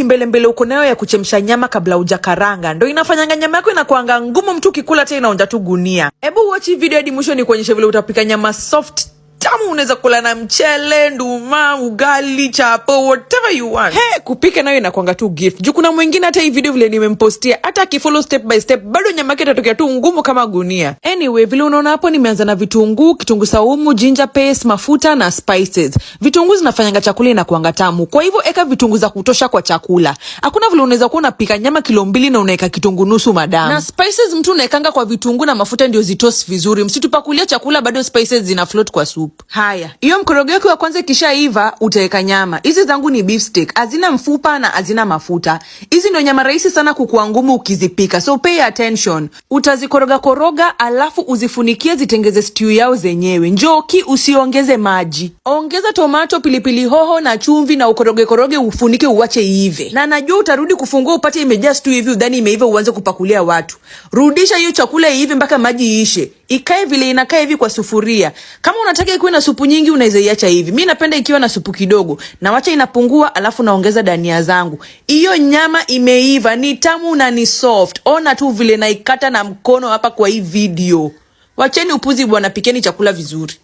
kimbelembele uko nayo ya kuchemsha nyama kabla hujakaranga, ndo inafanyanga nyama yako inakuanga ngumu, mtu ukikula tena inaonja tu gunia. Hebu watch video hadi mwisho, ni kuonyesha vile utapika nyama soft tamu unaweza kula na mchele, nduma, ugali, chapo, whatever you want. hey, kupika nayo inakwanga tu gift. Juu kuna mwingine hata hii video vile nimempostia, hata akifollow step by step bado nyama yake itatokea tu ngumu kama gunia. Anyway, vile unaona hapo nimeanza na vitunguu, kitunguu saumu, ginger paste, mafuta na spices. Vitunguu zinafanyanga chakula inakuanga tamu. Kwa hivyo eka vitunguu za kutosha kwa chakula. Hakuna vile unaweza kuwa unapika nyama kilo mbili na unaweka kitunguu nusu madam. Na spices mtu unaekanga kwa vitunguu na mafuta ndio zitoast vizuri. Msitupakulia chakula bado spices zina float kwa soup. Haya. Hiyo mkorogo wako wa kwanza kishaiva, utaweka nyama. Hizi zangu ni beef steak. Hazina mfupa na hazina mafuta. Hizi ndio nyama rahisi sana kukuwa ngumu ukizipika. So pay attention. Utazikoroga koroga ala alafu uzifunikie zitengeze stiu yao zenyewe. Njoki usiongeze maji, ongeza tomato, pilipili hoho na chumvi na ukoroge koroge, ufunike uwache iive. Na najua utarudi kufungua upate imejaa stiu hivi, udhani imeiva uanze kupakulia watu. Rudisha hiyo chakula iive mpaka maji iishe ikae vile inakaa hivi kwa sufuria. Kama unataka ikuwe na supu nyingi unaweza iacha hivi. mi napenda ikiwa na supu kidogo. Na wacha inapungua alafu naongeza dania zangu. Hiyo nyama imeiva, ni tamu na ni soft. Ona tu vile naikata na mkono hapa kwa hii video. Wacheni upuzi bwana, pikeni chakula vizuri.